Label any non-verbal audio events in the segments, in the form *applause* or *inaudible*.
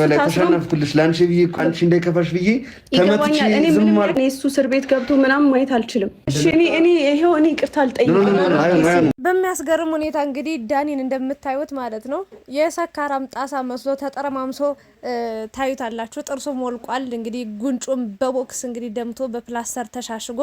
በላይ ተሸነፍኩልሽ። ለአንቺ ብዬ አንቺ እንዳይከፋሽ ብዬ ተመትቼ ዝም ማለት እሱ እስር ቤት ገብቶ ምናምን ማየት አልችልም። እኔ ይሄው እኔ ይቅርታ አልጠይቅም። በሚያስገርም ሁኔታ እንግዲህ ዳኒን እንደምታዩት ማለት ነው የሰካራም ጣሳ መስሎ ተጠረማምሶ ታዩታላችሁ። ጥርሱ ሞልቋል። እንግዲህ ጉንጩም በቦክስ እንግዲህ ደምቶ በፕላስተር ተሻሽጎ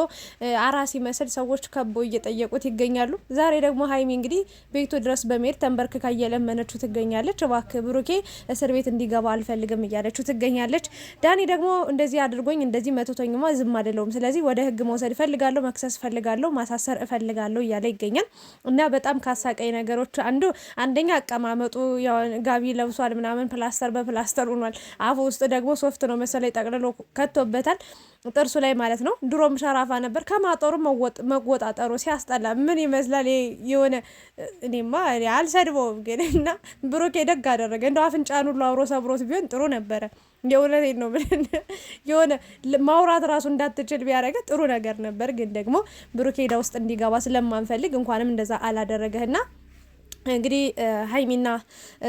አራሲ መስል ሰዎች ከቦ እየጠየቁት ይገኛሉ። ዛሬ ደግሞ ሀይሚ እንግዲህ ቤቱ ድረስ በመሄድ ተንበርክካ እየለመነችው ትገኛለች። እባክህ ብሩኬ እስር ቤት እንዲገባ አልፈልግም እያለችው ትገኛለች። ዳኒ ደግሞ እንደዚህ አድርጎኝ እንደዚህ መቶቶኝማ ዝም አይደለውም፣ ስለዚህ ወደ ህግ መውሰድ እፈልጋለሁ፣ መክሰስ እፈልጋለሁ፣ ማሳሰር እፈልጋለሁ እያለ ይገኛል። እና በጣም ካሳቀኝ ነገሮች አንዱ አንደኛ አቀማመጡ ጋቢ ለብሷል ምናምን ፕላስተር በፕላስተር ሆኗል። አፉ ውስጥ ደግሞ ሶፍት ነው መሰለኝ ጠቅልሎ ከቶበታል ጥርሱ ላይ ማለት ነው። ድሮም ሸራፋ ነበር። ከማጠሩ መወጣጠሩ ሲያስጠላ ምን ይመስላል የሆነ እኔማ አልሰድበውም ግን እና ብሩኬ ደግ አደረገ። እንደ አፍንጫን ሁሉ አብሮ ሰብሮት ቢሆን ጥሩ ነበረ። የእውነቴን ነው። ምን የሆነ ማውራት ራሱ እንዳትችል ቢያደረገ ጥሩ ነገር ነበር። ግን ደግሞ ብሩኬዳ ውስጥ እንዲገባ ስለማንፈልግ እንኳንም እንደዛ አላደረገህና እንግዲህ ሀይሚና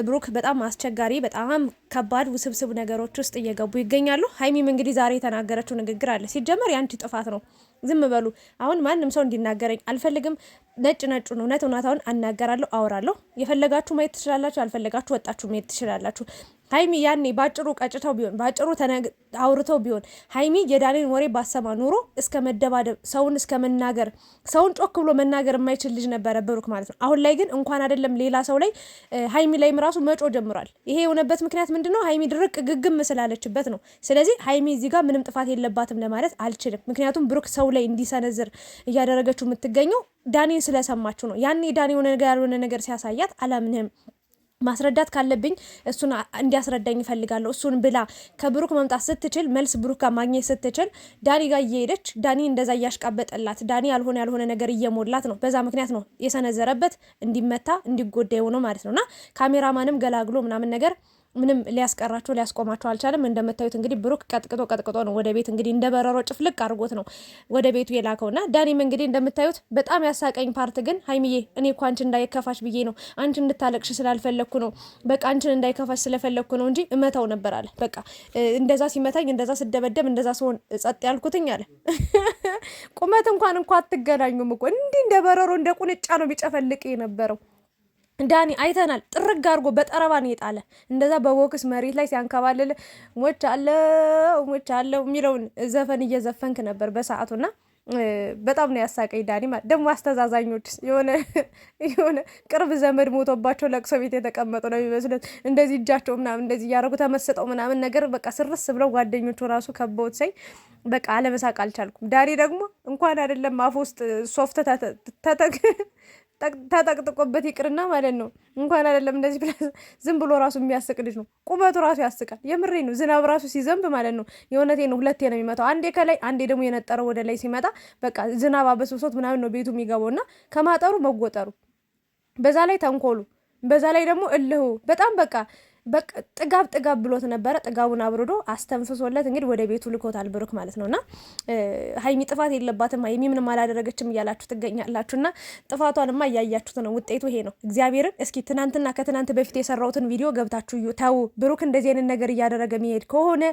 ብሩክ በጣም አስቸጋሪ በጣም ከባድ ውስብስብ ነገሮች ውስጥ እየገቡ ይገኛሉ። ሀይሚም እንግዲህ ዛሬ የተናገረችው ንግግር አለ። ሲጀመር የአንቺ ጥፋት ነው። ዝም በሉ። አሁን ማንም ሰው እንዲናገረኝ አልፈልግም። ነጭ ነጩን እውነት እውነታውን አናገራለሁ፣ አወራለሁ። የፈለጋችሁ ማየት ትችላላችሁ፣ ያልፈለጋችሁ ወጣችሁ መሄድ ትችላላችሁ። ሀይሚ ያኔ ባጭሩ ቀጭተው ቢሆን ባጭሩ አውርተው ቢሆን ሀይሚ የዳኔን ወሬ ባሰማ ኑሮ እስከ መደባደብ ሰውን እስከ መናገር ሰውን ጮክ ብሎ መናገር የማይችል ልጅ ነበረ ብሩክ ማለት ነው። አሁን ላይ ግን እንኳን አይደለም ሌላ ሰው ላይ ሀይሚ ላይም ራሱ መጮ ጀምሯል። ይሄ የሆነበት ምክንያት ምንድን ነው? ሀይሚ ድርቅ ግግም ስላለችበት ነው። ስለዚህ ሀይሚ እዚህ ጋር ምንም ጥፋት የለባትም ለማለት አልችልም። ምክንያቱም ብሩክ ሰው ላይ እንዲሰነዝር እያደረገችው የምትገኘው ዳኔን ስለሰማችሁ ነው። ያኔ ዳኔ የሆነ ነገር ያልሆነ ነገር ሲያሳያት አላምንህም ማስረዳት ካለብኝ እሱን እንዲያስረዳኝ ይፈልጋለሁ እሱን ብላ ከብሩክ መምጣት ስትችል መልስ ብሩክ ጋር ማግኘት ስትችል ዳኒ ጋር እየሄደች ዳኒ እንደዛ እያሽቃበጠላት ዳኒ ያልሆነ ያልሆነ ነገር እየሞላት ነው። በዛ ምክንያት ነው የሰነዘረበት እንዲመታ እንዲጎዳ የሆነው ማለት ነው። እና ካሜራማንም ገላግሎ ምናምን ነገር ምንም ሊያስቀራቸው ሊያስቆማቸው አልቻለም። እንደምታዩት እንግዲህ ብሩክ ቀጥቅጦ ቀጥቅጦ ነው ወደ ቤት እንግዲህ እንደ በረሮ ጭፍልቅ አድርጎት ነው ወደ ቤቱ የላከው እና ዳኒም እንግዲህ እንደምታዩት በጣም ያሳቀኝ ፓርት ግን ሀይሚዬ፣ እኔ እኮ አንቺን እንዳይከፋሽ ብዬ ነው አንቺ እንድታለቅሽ ስላልፈለግኩ ነው በቃ አንቺን እንዳይከፋሽ ስለፈለግኩ ነው እንጂ እመታው ነበር አለ። በቃ እንደዛ ሲመታኝ እንደዛ ስደበደብ እንደዛ ሲሆን ጸጥ ያልኩትኝ አለ። ቁመት እንኳን እንኳ አትገናኙም እኮ እንዲህ እንደ በረሮ እንደ ቁንጫ ነው ቢጨፈልቅ የነበረው። ዳኒ አይተናል። ጥርግ አድርጎ በጠረባን የጣለ እንደዛ በቦክስ መሬት ላይ ሲያንከባልል ሞች አለው ሞች አለው የሚለውን ዘፈን እየዘፈንክ ነበር በሰዓቱና በጣም ነው ያሳቀኝ። ዳኒ ማለት ደግሞ አስተዛዛኞች የሆነ *laughs* የሆነ ቅርብ ዘመድ ሞቶባቸው ለቅሶ ቤት የተቀመጡ ነው የሚመስሉት። እንደዚህ እጃቸው ምናምን እንደዚህ እያደረጉ ተመስጠው ምናምን ነገር በቃ ስርስ ብለው ጓደኞቹ ራሱ ከበውት ሳይ በቃ አለመሳቅ አልቻልኩም። ዳኒ ደግሞ እንኳን አይደለም አፍ ውስጥ ሶፍት ተጠቅጥቆበት ይቅርና ማለት ነው እንኳን አይደለም እንደዚህ ብለ ዝም ብሎ ራሱ የሚያስቅ ልጅ ነው። ቁመቱ ራሱ ያስቃል። የምሬ ነው። ዝናብ ራሱ ሲዘንብ ማለት ነው የእውነቴ ነው። ሁለቴ ነው የሚመጣው አንዴ ከላይ አንዴ ደግሞ የነጠረው ወደ ላይ ሲመጣ በቃ ዝናብ አበስብሶት ምናምን ነው ቤቱ የሚገባው እና ከማጠሩ መጎጠሩ፣ በዛ ላይ ተንኮሉ፣ በዛ ላይ ደግሞ እልሁ በጣም በቃ በቃ ጥጋብ ጥጋብ ብሎት ነበረ። ጥጋቡን አብርዶ አስተንፍሶለት እንግዲህ ወደ ቤቱ ልኮታል ብሩክ ማለት ነውና ሀይሚ ጥፋት የለባትም ሀይሚ ምንም አላደረገችም እያላችሁ ትገኛላችሁና ጥፋቷንማ እያያችሁት ነው። ውጤቱ ይሄ ነው። እግዚአብሔርን እስኪ ትናንትና ከትናንት በፊት የሰራሁትን ቪዲዮ ገብታችሁ እዩ። ተው ብሩክ እንደዚህ አይነት ነገር እያደረገ የሚሄድ ከሆነ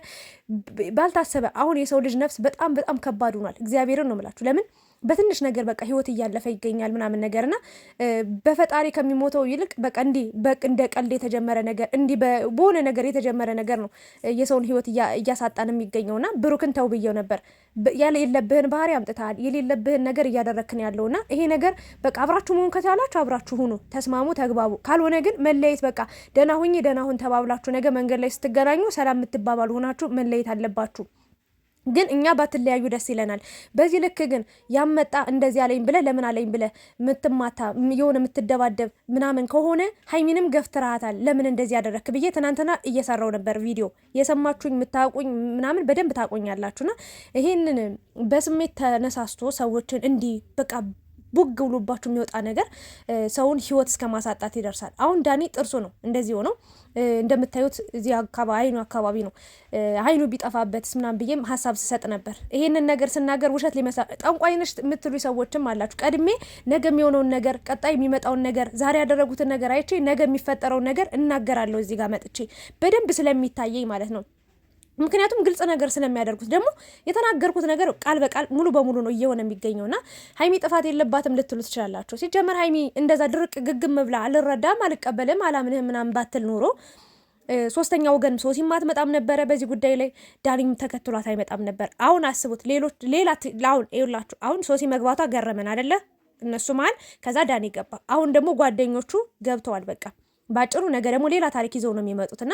ባልታሰበ አሁን የሰው ልጅ ነፍስ በጣም በጣም ከባድ ሆኗል። እግዚአብሔርን ነው የምላችሁ ለምን በትንሽ ነገር በቃ ህይወት እያለፈ ይገኛል ምናምን ነገር እና በፈጣሪ ከሚሞተው ይልቅ በቃ እንዲህ እንደ ቀልድ የተጀመረ ነገር እንዲህ በሆነ ነገር የተጀመረ ነገር ነው የሰውን ህይወት እያሳጣን የሚገኘው እና ብሩክን ተው ብየው ነበር። የሌለብህን ባህሪ አምጥተሃል፣ የሌለብህን ነገር እያደረክን ያለው እና ይሄ ነገር በቃ አብራችሁ መሆን ከቻላችሁ አብራችሁ ሁኑ፣ ተስማሙ፣ ተግባቡ። ካልሆነ ግን መለየት በቃ ደህና ሁኝ፣ ደህና ሁን ተባብላችሁ ነገ መንገድ ላይ ስትገናኙ ሰላም የምትባባሉ ሆናችሁ መለየት አለባችሁ። ግን እኛ ባትለያዩ ደስ ይለናል። በዚህ ልክ ግን ያመጣ እንደዚህ አለኝ ብለ ለምን አለኝ ብለ ምትማታ የሆነ የምትደባደብ ምናምን ከሆነ ሀይሚንም ገፍትራሃታል። ለምን እንደዚህ ያደረክ ብዬ ትናንትና እየሰራው ነበር ቪዲዮ። የሰማችሁኝ የምታውቁኝ ምናምን በደንብ ታቆኛላችሁና ይሄንን በስሜት ተነሳስቶ ሰዎችን እንዲህ በቃ ቡግ ብሎባችሁ የሚወጣ ነገር ሰውን ህይወት እስከ ማሳጣት ይደርሳል። አሁን ዳኒ ጥርሱ ነው እንደዚህ ሆነው እንደምታዩት እዚህ አካባቢ አይኑ አካባቢ ነው አይኑ ቢጠፋበት ምናምን ብዬም ሀሳብ ስሰጥ ነበር። ይሄንን ነገር ስናገር ውሸት ሊመሳ ጠንቋይ ነሽ የምትሉ ሰዎችም አላችሁ። ቀድሜ ነገ የሚሆነውን ነገር፣ ቀጣይ የሚመጣውን ነገር፣ ዛሬ ያደረጉትን ነገር አይቼ ነገ የሚፈጠረውን ነገር እናገራለሁ እዚህ ጋር መጥቼ በደንብ ስለሚታየኝ ማለት ነው። ምክንያቱም ግልጽ ነገር ስለሚያደርጉት ደግሞ የተናገርኩት ነገር ቃል በቃል ሙሉ በሙሉ ነው እየሆነ የሚገኘው እና ሀይሚ ጥፋት የለባትም ልትሉ ትችላላችሁ። ሲጀመር ሀይሚ እንደዛ ድርቅ ግግም መብላ አልረዳም፣ አልቀበልም፣ አላምንህም ምናምን ባትል ኖሮ ሶስተኛ ወገን ሶሲ አትመጣም ነበረ። በዚህ ጉዳይ ላይ ዳኒም ተከትሏት አይመጣም ነበር። አሁን አስቡት ሌሎች ሌላ አሁን ይኸውላችሁ አሁን ሶሲ መግባቷ ገረመን አደለ? እነሱ መሀል ከዛ ዳኒ ገባ። አሁን ደግሞ ጓደኞቹ ገብተዋል በቃ ባጭሩ ነገ ደግሞ ሌላ ታሪክ ይዘው ነው የሚመጡት እና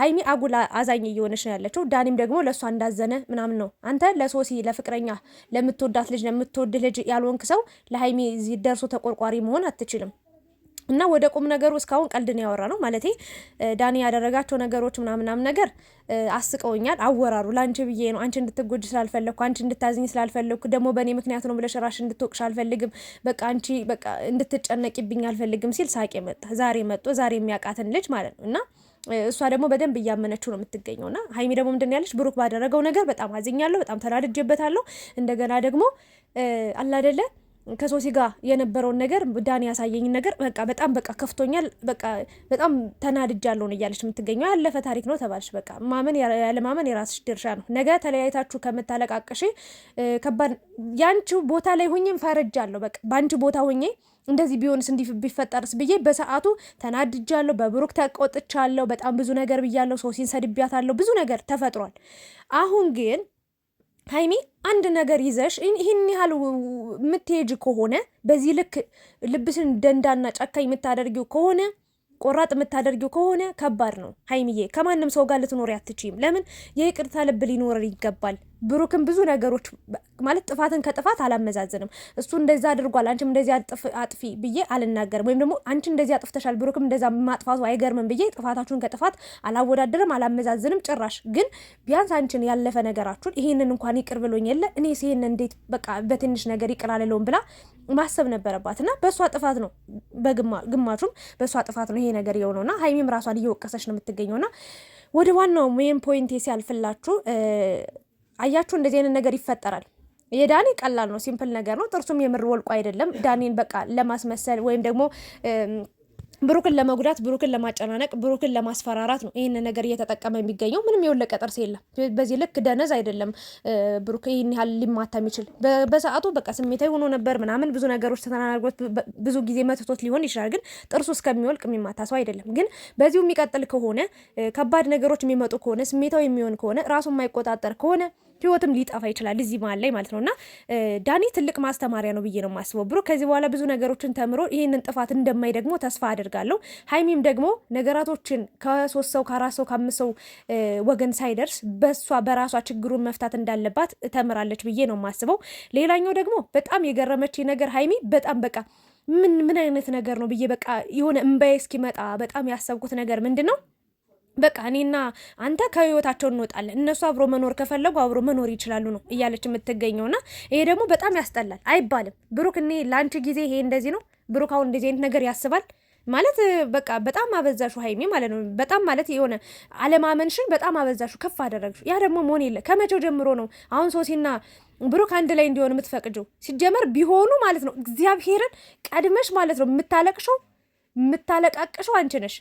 ሀይሚ አጉል አዛኝ እየሆነች ነው ያለችው። ዳኒም ደግሞ ለእሷ እንዳዘነ ምናምን ነው። አንተ ለሶሲ ለፍቅረኛ ለምትወዳት ልጅ ለምትወድ ልጅ ያልሆንክ ሰው ለሀይሚ ደርሶ ተቆርቋሪ መሆን አትችልም። እና ወደ ቁም ነገሩ እስካሁን ቀልድን ያወራ ነው ማለት ዳኒ ያደረጋቸው ነገሮች ምናምናም ነገር አስቀውኛል። አወራሩ ለአንቺ ብዬ ነው አንቺ እንድትጎጅ ስላልፈለግኩ አንቺ እንድታዝኝ ስላልፈለግኩ ደግሞ በእኔ ምክንያት ነው ብለሽ ራሽ እንድትወቅሽ አልፈልግም፣ በቃ አንቺ በቃ እንድትጨነቂብኝ አልፈልግም ሲል ሳቄ መጣ። ዛሬ መጦ ዛሬ የሚያውቃትን ልጅ ማለት ነው እና እሷ ደግሞ በደንብ እያመነችው ነው የምትገኘው። እና ሀይሚ ደግሞ ምንድን ያለች ብሩክ ባደረገው ነገር በጣም አዝኛለሁ፣ በጣም ተናድጄበታለሁ። እንደገና ደግሞ አላደለ ከሶሲ ጋር የነበረውን ነገር ዳኒ ያሳየኝ ነገር በቃ በጣም በቃ ከፍቶኛል፣ በቃ በጣም ተናድጃለሁ ነው እያለች የምትገኘው። ያለፈ ታሪክ ነው ተባልሽ፣ በቃ ማመን ያለማመን የራስሽ ድርሻ ነው። ነገ ተለያይታችሁ ከምታለቃቅሽ ከባድ ያንቺ ቦታ ላይ ሆኜ ፈረጃለሁ። በቃ በአንቺ ቦታ ሆኜ እንደዚህ ቢሆንስ እንዲህ ቢፈጠርስ ብዬ በሰዓቱ ተናድጃለሁ። በብሩክ ተቆጥቻለሁ። በጣም ብዙ ነገር ብያለሁ። ሶሲን ሰድቢያታለሁ። ብዙ ነገር ተፈጥሯል። አሁን ግን ሀይሚ አንድ ነገር ይዘሽ ይህን ያህል የምትሄጅ ከሆነ በዚህ ልክ ልብስን ደንዳና ጨካኝ የምታደርጊው ከሆነ ቆራጥ የምታደርጊው ከሆነ ከባድ ነው ሀይሚዬ። ከማንም ሰው ጋር ልትኖር አትችይም። ለምን የይቅርታ ልብ ሊኖረን ይገባል። ብሩክን ብዙ ነገሮች ማለት ጥፋትን ከጥፋት አላመዛዝንም። እሱ እንደዚ አድርጓል፣ አንቺም እንደዚ አጥፊ ብዬ አልናገርም። ወይም ደግሞ አንቺ እንደዚህ አጥፍተሻል፣ ብሩክም እንደዛ ማጥፋቱ አይገርምም ብዬ ጥፋታችሁን ከጥፋት አላወዳደርም፣ አላመዛዝንም። ጭራሽ ግን ቢያንስ አንቺን ያለፈ ነገራችሁን ይሄንን እንኳን ይቅር ብሎኝ የለ እኔ ሲሄን እንዴት በቃ በትንሽ ነገር ይቅር አልለውም ብላ ማሰብ ነበረባት እና በእሷ ጥፋት ነው በግማሹም በእሷ ጥፋት ነው ይሄ ነገር የሆነውና ሀይሚም ራሷን እየወቀሰች ነው የምትገኘውና ወደ ዋናው ሜን ፖይንቴ ሲያልፍላችሁ አያችሁ፣ እንደዚህ አይነት ነገር ይፈጠራል። የዳኒ ቀላል ነው፣ ሲምፕል ነገር ነው። ጥርሱም የምር ወልቆ አይደለም። ዳኒን በቃ ለማስመሰል ወይም ደግሞ ብሩክን ለመጉዳት ብሩክን ለማጨናነቅ ብሩክን ለማስፈራራት ነው ይህንን ነገር እየተጠቀመ የሚገኘው። ምንም የወለቀ ጥርስ የለም። በዚህ ልክ ደነዝ አይደለም ብሩክ ይህን ያህል ሊማታ የሚችል በሰዓቱ በቃ ስሜታዊ ሆኖ ነበር ምናምን ብዙ ነገሮች ተተናግሮት ብዙ ጊዜ መትቶት ሊሆን ይችላል። ግን ጥርሱ እስከሚወልቅ የሚማታ ሰው አይደለም። ግን በዚሁ የሚቀጥል ከሆነ ከባድ ነገሮች የሚመጡ ከሆነ ስሜታዊ የሚሆን ከሆነ ራሱን የማይቆጣጠር ከሆነ ህይወትም ሊጠፋ ይችላል እዚህ መሀል ላይ ማለት ነው። እና ዳኒ ትልቅ ማስተማሪያ ነው ብዬ ነው የማስበው። ብሩክ ከዚህ በኋላ ብዙ ነገሮችን ተምሮ ይህንን ጥፋት እንደማይ ደግሞ ተስፋ አድርጋለሁ። ሀይሚም ደግሞ ነገራቶችን ከሶስት ሰው ከአራት ሰው ከአምስት ሰው ወገን ሳይደርስ በሷ በራሷ ችግሩን መፍታት እንዳለባት ተምራለች ብዬ ነው የማስበው። ሌላኛው ደግሞ በጣም የገረመች ነገር ሀይሚ በጣም በቃ ምን ምን አይነት ነገር ነው ብዬ በቃ የሆነ እምባዬ እስኪመጣ በጣም ያሰብኩት ነገር ምንድን ነው በቃ እኔና አንተ ከህይወታቸው እንወጣለን። እነሱ አብሮ መኖር ከፈለጉ አብሮ መኖር ይችላሉ ነው እያለች የምትገኘው እና ይሄ ደግሞ በጣም ያስጠላል። አይባልም ብሩክ፣ እኔ ለአንቺ ጊዜ ይሄ እንደዚህ ነው። ብሩክ አሁን እንደዚህ አይነት ነገር ያስባል ማለት በቃ በጣም አበዛሹ ሀይሚ ማለት ነው። በጣም ማለት የሆነ አለማመንሽን በጣም አበዛሹ፣ ከፍ አደረግሹ። ያ ደግሞ መሆን የለ ከመቼው ጀምሮ ነው አሁን ሶሲና ብሩክ አንድ ላይ እንዲሆን የምትፈቅጂው? ሲጀመር ቢሆኑ ማለት ነው እግዚአብሔርን ቀድመሽ ማለት ነው የምታለቅሸው የምታለቃቅሸው አንቺ ነሽ።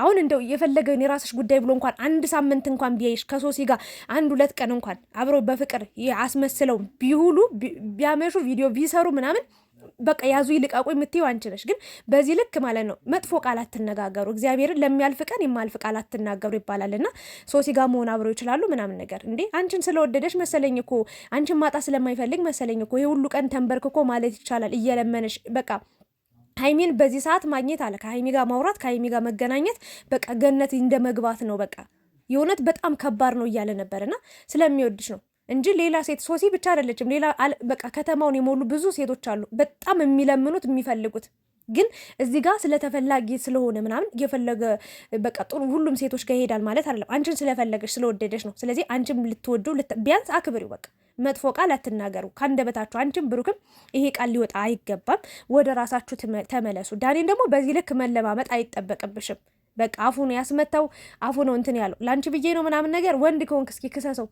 አሁን እንደው የፈለገውን የራስሽ ጉዳይ ብሎ እንኳን አንድ ሳምንት እንኳን ቢያይሽ ከሶሲ ጋር አንድ ሁለት ቀን እንኳን አብረው በፍቅር አስመስለው ቢውሉ ቢያመሹ ቪዲዮ ቢሰሩ ምናምን በቃ ያዙ ይልቀቁ የምትይው አንቺ ነሽ። ግን በዚህ ልክ ማለት ነው መጥፎ ቃል አትነጋገሩ፣ እግዚአብሔርን ለሚያልፍ ቀን የማልፍ ቃል አትናገሩ ይባላል እና ሶሲ ጋር መሆን አብረው ይችላሉ ምናምን ነገር እንዴ አንቺን ስለወደደሽ መሰለኝ እኮ አንቺን ማጣ ስለማይፈልግ መሰለኝ እኮ ይሄ ሁሉ ቀን ተንበርክኮ ማለት ይቻላል እየለመነሽ በቃ ሀይሚን በዚህ ሰዓት ማግኘት አለ ከሀይሚ ጋር ማውራት ከሀይሚ ጋር መገናኘት በቃ ገነት እንደ መግባት ነው። በቃ የእውነት በጣም ከባድ ነው እያለ ነበርና ስለሚወድሽ ነው እንጂ ሌላ ሴት ሶሲ ብቻ አይደለችም። ሌላ በቃ ከተማውን የሞሉ ብዙ ሴቶች አሉ በጣም የሚለምኑት የሚፈልጉት ግን እዚህ ጋር ስለተፈላጊ ስለሆነ ምናምን የፈለገ በቃ ጥሩ ሁሉም ሴቶች ጋር ይሄዳል ማለት አይደለም። አንቺን ስለፈለገች ስለወደደች ነው። ስለዚህ አንቺም ልትወዱ ቢያንስ አክብሪው። በቃ መጥፎ ቃል አትናገሩ ካንደበታችሁ። አንቺም ብሩክም ይሄ ቃል ሊወጣ አይገባም። ወደ ራሳችሁ ተመለሱ። ዳኔን ደግሞ በዚህ ልክ መለማመጥ አይጠበቅብሽም። በቃ አፉ ነው ያስመታው፣ አፉ ነው እንትን ያለው። ለአንቺ ብዬ ነው ምናምን ነገር። ወንድ ከሆንክ እስኪ ክሰሰው።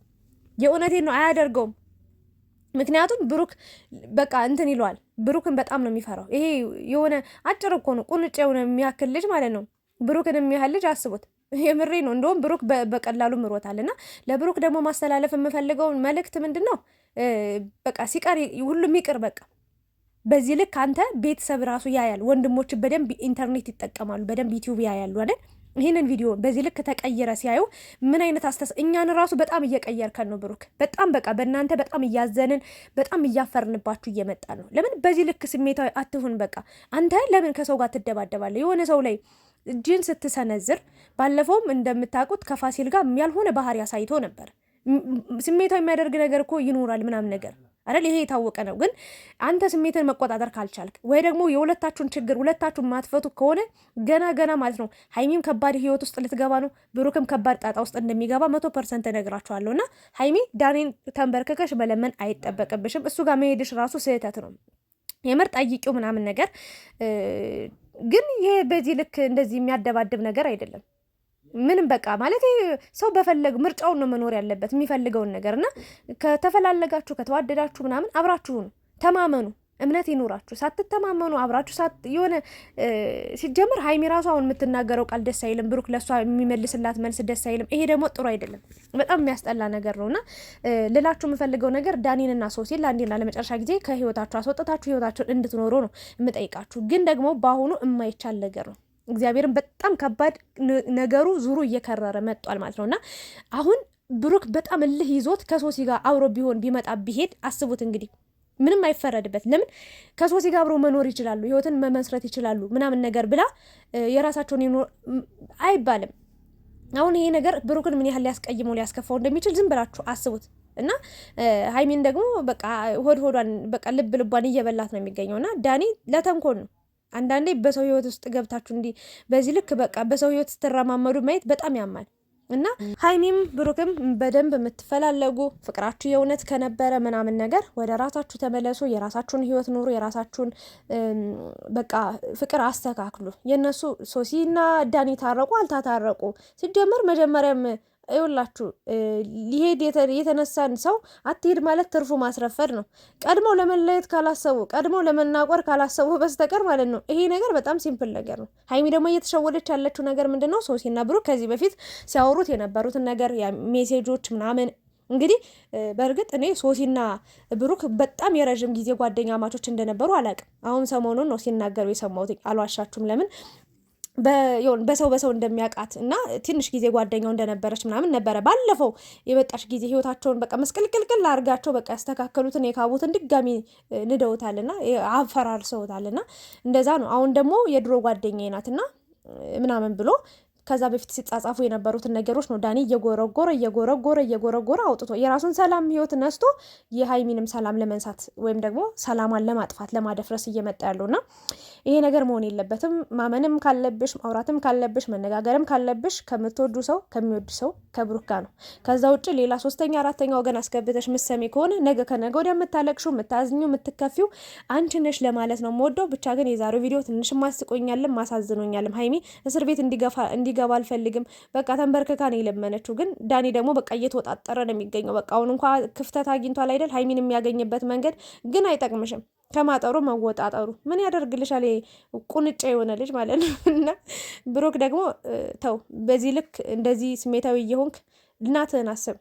የእውነቴን ነው አያደርገውም። ምክንያቱም ብሩክ በቃ እንትን ይለዋል። ብሩክን በጣም ነው የሚፈራው። ይሄ የሆነ አጭር እኮ ነው ቁንጭ የሆነ የሚያክል ልጅ ማለት ነው። ብሩክን የሚያህል ልጅ አስቡት። የምሬ ነው። እንደውም ብሩክ በቀላሉ ምሮታል። እና ለብሩክ ደግሞ ማስተላለፍ የምፈልገው መልእክት ምንድን ነው? በቃ ሲቀር ሁሉም ይቅር። በቃ በዚህ ልክ አንተ ቤተሰብ ራሱ ያያል። ወንድሞች በደንብ ኢንተርኔት ይጠቀማሉ፣ በደንብ ዩቲዩብ ያያሉ አይደል ይህንን ቪዲዮ በዚህ ልክ ተቀይረ ሲያዩ ምን አይነት አስተሳ እኛን ራሱ በጣም እየቀየርከን ነው ብሩክ። በጣም በቃ በእናንተ በጣም እያዘንን በጣም እያፈርንባችሁ እየመጣ ነው። ለምን በዚህ ልክ ስሜታዊ አትሁን። በቃ አንተ ለምን ከሰው ጋር ትደባደባለህ? የሆነ ሰው ላይ እጅን ስትሰነዝር ባለፈውም እንደምታውቁት ከፋሲል ጋር ያልሆነ ባህሪ አሳይቶ ነበር። ስሜታዊ የሚያደርግ ነገር እኮ ይኖራል ምናምን ነገር አይደል? ይሄ የታወቀ ነው። ግን አንተ ስሜትን መቆጣጠር ካልቻልክ ወይ ደግሞ የሁለታችሁን ችግር ሁለታችሁን ማትፈቱ ከሆነ ገና ገና ማለት ነው ሀይሚም ከባድ ህይወት ውስጥ ልትገባ ነው፣ ብሩክም ከባድ ጣጣ ውስጥ እንደሚገባ መቶ ፐርሰንት እነግራችኋለሁ። እና ሀይሚ ዳኔን ተንበርክከሽ መለመን አይጠበቅብሽም። እሱ ጋር መሄድሽ ራሱ ስህተት ነው። የምር ጠይቂው ምናምን ነገር ግን ይሄ በዚህ ልክ እንደዚህ የሚያደባድብ ነገር አይደለም። ምንም በቃ ማለት ሰው በፈለግ ምርጫውን ነው መኖር ያለበት የሚፈልገውን ነገር እና ከተፈላለጋችሁ ከተዋደዳችሁ ምናምን አብራችሁ ተማመኑ። እምነት ይኖራችሁ ሳትተማመኑ አብራችሁ ሳት የሆነ ሲጀምር ሀይሚ ራሱ አሁን የምትናገረው ቃል ደስ አይልም። ብሩክ ለእሷ የሚመልስላት መልስ ደስ አይልም። ይሄ ደግሞ ጥሩ አይደለም፣ በጣም የሚያስጠላ ነገር ነው እና ልላችሁ የምፈልገው ነገር ዳኒንና ሶሲ ለአንዴና ለመጨረሻ ጊዜ ከህይወታችሁ አስወጥታችሁ ህይወታችሁን እንድትኖሩ ነው የምጠይቃችሁ። ግን ደግሞ በአሁኑ የማይቻል ነገር ነው እግዚአብሔርን በጣም ከባድ ነገሩ ዙሩ እየከረረ መጧል ማለት ነው እና አሁን ብሩክ በጣም እልህ ይዞት ከሶሲ ጋር አብሮ ቢሆን ቢመጣ ቢሄድ አስቡት እንግዲህ ምንም አይፈረድበት። ለምን ከሶሲ ጋር አብሮ መኖር ይችላሉ፣ ህይወትን መመስረት ይችላሉ ምናምን ነገር ብላ የራሳቸውን ይኖር አይባልም። አሁን ይሄ ነገር ብሩክን ምን ያህል ሊያስቀይመው ሊያስከፋው እንደሚችል ዝም ብላችሁ አስቡት። እና ሀይሚን ደግሞ በቃ ሆድ ሆዷን በቃ ልብ ልቧን እየበላት ነው የሚገኘው እና ዳኒ ለተንኮን ነው አንዳንዴ በሰው ህይወት ውስጥ ገብታችሁ እንዲህ በዚህ ልክ በቃ በሰው ህይወት ስትረማመዱ ማየት በጣም ያማል። እና ሀይሚም ብሩክም በደንብ የምትፈላለጉ ፍቅራችሁ የእውነት ከነበረ ምናምን ነገር ወደ ራሳችሁ ተመለሱ፣ የራሳችሁን ህይወት ኑሩ፣ የራሳችሁን በቃ ፍቅር አስተካክሉ። የእነሱ ሶሲና ዳኒ ታረቁ አልታታረቁ ሲጀመር መጀመሪያም ይኸውላችሁ ሊሄድ የተነሳን ሰው አትሄድ ማለት ትርፉ ማስረፈድ ነው። ቀድሞ ለመለየት ካላሰቡ፣ ቀድሞ ለመናቆር ካላሰቡ በስተቀር ማለት ነው። ይሄ ነገር በጣም ሲምፕል ነገር ነው። ሀይሚ ደግሞ እየተሸወደች ያለችው ነገር ምንድን ነው? ሶሲና ብሩክ ከዚህ በፊት ሲያወሩት የነበሩትን ነገር ሜሴጆች ምናምን እንግዲህ በእርግጥ እኔ ሶሲና ብሩክ በጣም የረዥም ጊዜ ጓደኛ ማቾች እንደነበሩ አላውቅም። አሁን ሰሞኑን ነው ሲናገሩ የሰማሁት፣ አልዋሻችሁም። ለምን በሰው በሰው እንደሚያውቃት እና ትንሽ ጊዜ ጓደኛው እንደነበረች ምናምን ነበረ። ባለፈው የመጣች ጊዜ ህይወታቸውን በቃ መስቅልቅልቅል አድርጋቸው በቃ ያስተካከሉትን የካቡትን ድጋሚ ንደውታልና አፈራርሰውታልና እንደዛ ነው። አሁን ደግሞ የድሮ ጓደኛ ናትና ምናምን ብሎ ከዛ በፊት ሲጻጻፉ የነበሩትን ነገሮች ነው ዳኒ እየጎረጎረ እየጎረጎረ እየጎረጎረ አውጥቶ የራሱን ሰላም ህይወት ነስቶ የሀይሚንም ሰላም ለመንሳት ወይም ደግሞ ሰላሟን ለማጥፋት ለማደፍረስ እየመጣ ያለውና ይሄ ነገር መሆን የለበትም። ማመንም ካለብሽ ማውራትም ካለብሽ መነጋገርም ካለብሽ ከምትወዱ ሰው ከሚወዱ ሰው ከብሩክ ጋር ነው። ከዛ ውጭ ሌላ ሶስተኛ አራተኛ ወገን አስገብተሽ ምሰሚ ከሆነ ነገ ከነገ ወዲያ የምታለቅሹ የምታዝኙ የምትከፊው አንቺ ነሽ ለማለት ነው የምወደው። ብቻ ግን የዛሬው ቪዲዮ ትንሽ ማስቆኛልም ማሳዝኖኛልም ሀይሚ እስር ቤት እንዲገፋ እንዲገባ አልፈልግም። በቃ ተንበርክካ ነው የለመነችው። ግን ዳኒ ደግሞ በቃ እየተወጣጠረ ነው የሚገኘው። በቃ አሁን እንኳ ክፍተት አግኝቷል አይደል? ሀይሚን የሚያገኝበት መንገድ ግን አይጠቅምሽም። ከማጠሩ መወጣጠሩ ምን ያደርግልሻል? ቁንጫ የሆነ ልጅ ማለት ነው። *laughs* እና ብሩክ ደግሞ ተው፣ በዚህ ልክ እንደዚህ ስሜታዊ እየሆንክ እናትህን አስብ።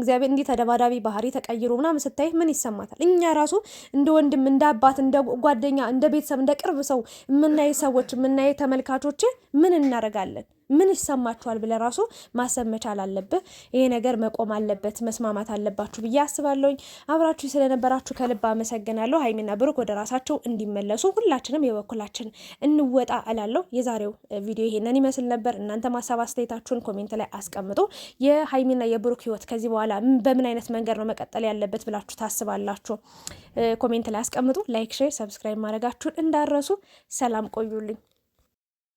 እግዚአብሔር እንዲህ ተደባዳቢ ባህሪ ተቀይሮ ምናምን ስታይ ምን ይሰማታል? እኛ ራሱ እንደ ወንድም፣ እንደ አባት፣ እንደ ጓደኛ፣ እንደ ቤተሰብ፣ እንደ ቅርብ ሰው የምናይ ሰዎች የምናየ ተመልካቾች ምን እናደርጋለን? ምን ይሰማችኋል ብለህ ራሱ ማሰብ መቻል አለብህ። ይሄ ነገር መቆም አለበት፣ መስማማት አለባችሁ ብዬ አስባለሁኝ። አብራችሁ ስለነበራችሁ ከልብ አመሰግናለሁ። ሀይሚና ብሩክ ወደ ራሳቸው እንዲመለሱ ሁላችንም የበኩላችን እንወጣ እላለሁ። የዛሬው ቪዲዮ ይሄንን ይመስል ነበር። እናንተ ማሰብ አስተያየታችሁን ኮሜንት ላይ አስቀምጡ። የሀይሚና የብሩክ ህይወት ከዚህ በኋላ በምን አይነት መንገድ ነው መቀጠል ያለበት ብላችሁ ታስባላችሁ? ኮሜንት ላይ አስቀምጡ። ላይክ፣ ሼር፣ ሰብስክራይብ ማድረጋችሁን እንዳረሱ። ሰላም ቆዩልኝ።